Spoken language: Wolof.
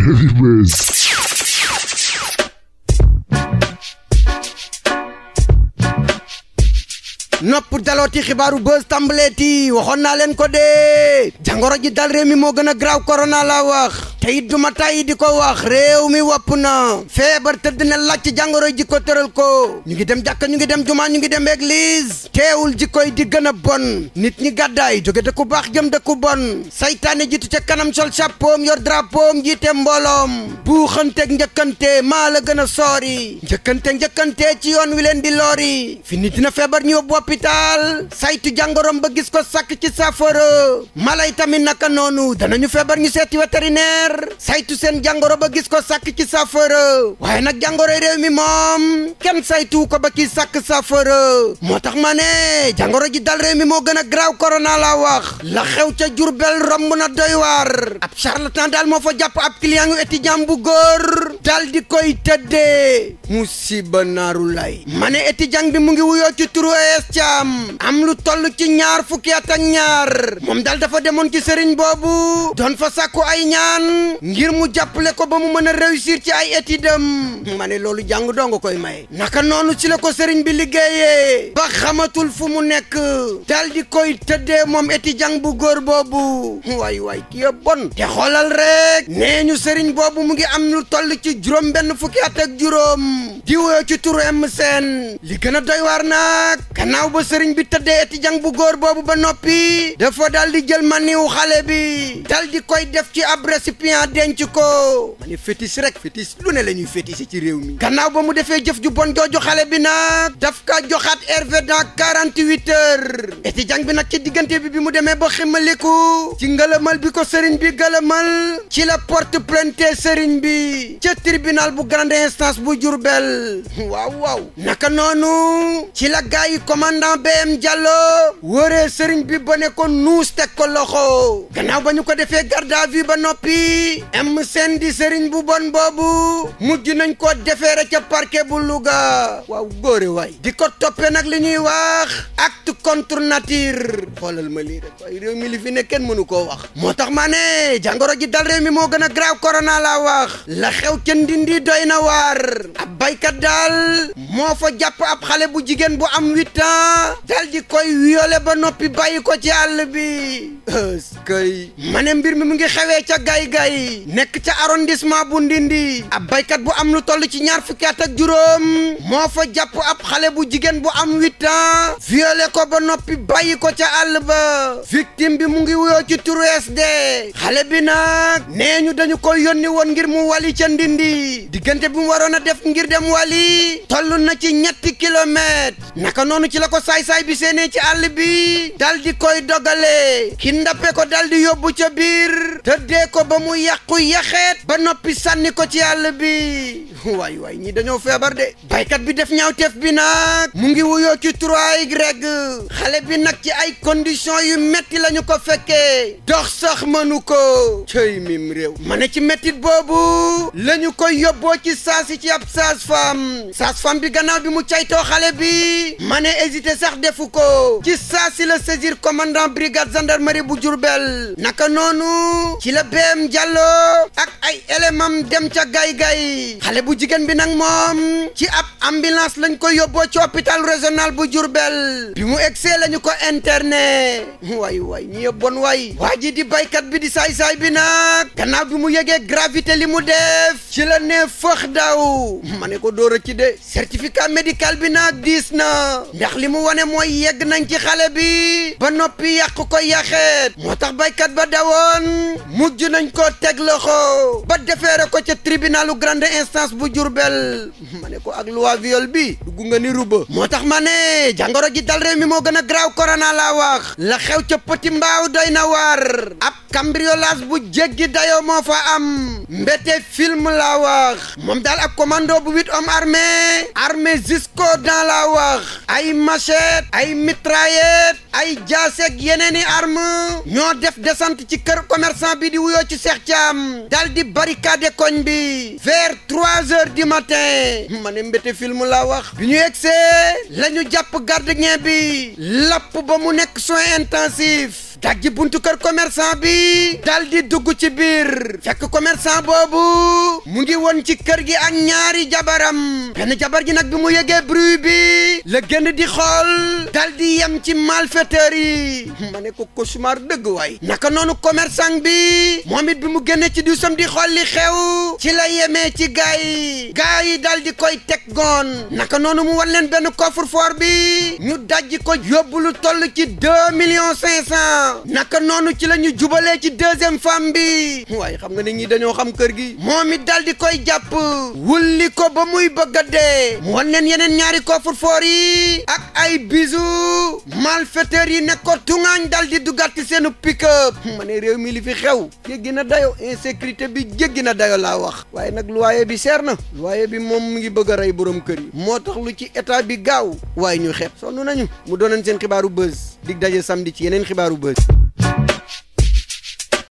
Anyways. nopp dalooti xibaaru buzz tàmbaleeti waxoon naa leen ko dee jangoro ji dal réew mi moo gën a graaw corona la wax te it duma tàyyi di ko wax réew mi wopp na feebar tëdd na laaj ci jàngoro ji ko tëral ko ñu ngi dem jàkka ñu ngi dem jumaa ñu ngi dem église teewul jikkoy di gën a bon nit ñi gàddaay jóge dëkku baax jëm dëkku bon saytaane jiitu ca kanam sol chapeau yor drapeau jiite mbooloom buuxanteeg njëkkante maa la gën a soori njëkkante njëkkante ci yoon wi dina feebar ñu yóbbu hôpital saytu jàngoroom ba gis ko sàkk ci saafara mala yi tamit naka noonu dana danañu feebar ñu seeti vétérinaire saytu seen jàngoro ba gis ko sàkk ci saafara waaye nag jàngoro réew mi moom kenn saytu ko ba ci sakk saafara moo tax ma ne jàngoro ji dal réew mi moo gën a graaw corona laa wax la xew ca Jurbel romb na doy waar ab charlatan daal moo fa jàpp ab client yu étudiant bu góor dal di koy tëddee ba naaru lay ma eti étudiant bi mu ngi wuyoo ci turu es caam am lu toll ci ñaar fukki at ak ñaar moom daal dafa demoon ci sëriñ boobu doon fa sàkku ay ñaan ngir mu jàppale ko ba mu mën a réussir ci ay études am ne loolu jàng dong koy may naka noonu ci la ko sëriñ bi liggéeyee ba xamatul fu mu nekk dal di koy tëddee moom étudiant bu góor boobu waay waay kii bon te xoolal rek nee ñu sëriñ boobu mu ngi am lu toll ci ci juróom benn fukki at ak juróom di woo ci turu MSN li gën a doy waar nag gannaaw ba sëriñ bi tëddee étudiant bu góor boobu ba noppi dafa dal di ma maniwu xale bi dal di koy def ci ab récipient denc ko ma ne fétis rek lu ne la ñuy fétise ci réew mi gannaaw ba mu defee jëf ju bon jooju xale bi nag daf ka joxaat herve dans quarante-huit heures étudiant bi nag ci diggante bi bi mu demee ba ximmaliku ci ngëlëmal bi ko sëriñ bi gëlëmal ci la porte plainte sëriñ bi tribunal bu grande instance bu Diourbel waaw waaw naka noonu ci la gaa yi commandant BM Diallo wóoree sëriñ bi ba ne ko nuus teg ko loxo gannaaw ba ñu ko defee garde à vue ba noppi am seen di sëriñ bu bon boobu mujj nañ ko defeere ca parquet bu Louga waaw góore waay di ko toppee nag li ñuy wax acte contre nature xoolal ma lii rek réew mi li fi ne mënu koo wax moo tax maa ne jàngoro ji dal réew mi moo gën a grave corona laa wax la xew jëndin di doy na waar baykat daal moo fa jàpp ab xale bu jigéen bu am huit ans dal koy violé ba noppi bàyyi ko ci àll bi ëskay mbir mi mu ngi xewee ca gay-gay nekk ca arrondissement bu ndindi ab baykat bu am lu toll ci ñaar fukki at ak juróom moo fa jàpp ab xale bu jigéen bu am huit ans ko ba noppi bàyyi ko ca àll ba victime bi mu ngi wuyoo ci turu SD xale bi nag nee ñu dañu koy yónni woon ngir mu wali ca ndindi diggante bi mu waroon a def ngir dem wali toll na ci ñetti kilomètre naka noonu ci la ko saay-saay bi seenee ci àll bi dal di koy dogalee ki ndappe ko dal di yóbbu ca biir tëddee ko ba mu yàqu yaxeet ba noppi sànni ko ci àll bi waay waay ñii dañoo feebar de baykat bi def ñaawteef bi nag mu ngi wuyoo ci trois reg xale bi nag ci ay conditions yu metti la ñu ko fekkee dox sax mënu ko cëy mim réew ma ne ci mettit boobu lañu ñu ko yóbboo ci saasi ci ab sage-femme sage-femme bi gannaaw bi mu caytoo xale bi ma ne hésité sax defu ko ci saasi la saisir commandant brigade gendarmerie bu jur Diourbel naka noonu ci la beem jàlloo ak ay éléments dem ca gay gay xale bu bu jigéen bi nag moom ci ab ambulance lañ ko yóbboo ci hôpital régional bu Diourbel bi mu egsee lañu ko interné waay waay ñi yëpp bon waay waa ji di baykat bi di saay-saay bi nag gannaaw bi mu yegee gravité li mu def ci la ne fëx daw ma ne ko dóor a ci de certificat médical bi nag diis na ndax li mu wane mooy yegg nañ ci xale bi ba noppi yàq ko yaxeet moo tax baykat ba dawoon mujj nañ ko teg loxo ba defeere ko ca tribunalu grande instance bu Jurbel ma ne ko ak loi viol bi dugg nga ni ruba moo tax ma ne jàngoro ji dal réew mi moo gën a graaw korona laa wax la xew ca Mbaaw doy na waar ab cambriolage bu jéggi dayoo moo fa am mbete film laa wax moom daal ak commando bu huit hommes armés armés jusqu'aux dents laa wax ay machette ay mitraillette ay jaaseeg yeneen i arme ñoo def descente ci kër commerçant bi di wuyoo ci Cheikh Thiam dal di barricade koñ bi vers heures du matin ma ne mbéte film laa wax bi ñu egsee la ñu jàpp gardien bi lapp ba mu nekk soin intensif dajji buntu kër commerçant bi dal di dugg ci biir fekk commerçant boobu mu ngi woon ci kër gi ak ñaari jabaram benn jabar ji nag bi mu yëgee bruit bi la génn di xool dal di yem ci malfaiteur yi ma ne ko cauchemar dëgg waay naka noonu commerçant bi moom it bi mu génne ci duusam di xool li xew ci la yemee ci gaa yi gaa yi dal di koy teg goon naka noonu mu wan leen benn coffre-fort bi ñu dajji ko yóbbu lu toll ci deux millions naka noonu ci la ñu jubalee ci deuxième femme bi waaye xam nga nit ñi dañoo xam kër gi moom it dal di koy jàpp wulli ko ba muy bëgg de dee mu wan yeneen ñaari coffre fort yi ak ay bijoux malfaiteurs yi ne ko tungaañ dal di duggaat ci seenu pick-up ma réew mi li fi xew jéggi na dayo insécurité bi jéggi na dayo laa wax waaye nag waaye bi seer na waaye bi moom mu ngi bëgg rey borom kër yi moo tax lu ci état bi gaaw waaye ñu xeeb sonn nañu mu doonoon seen xibaaru buzz dig daje samedi ci yeneen xibaaru bës.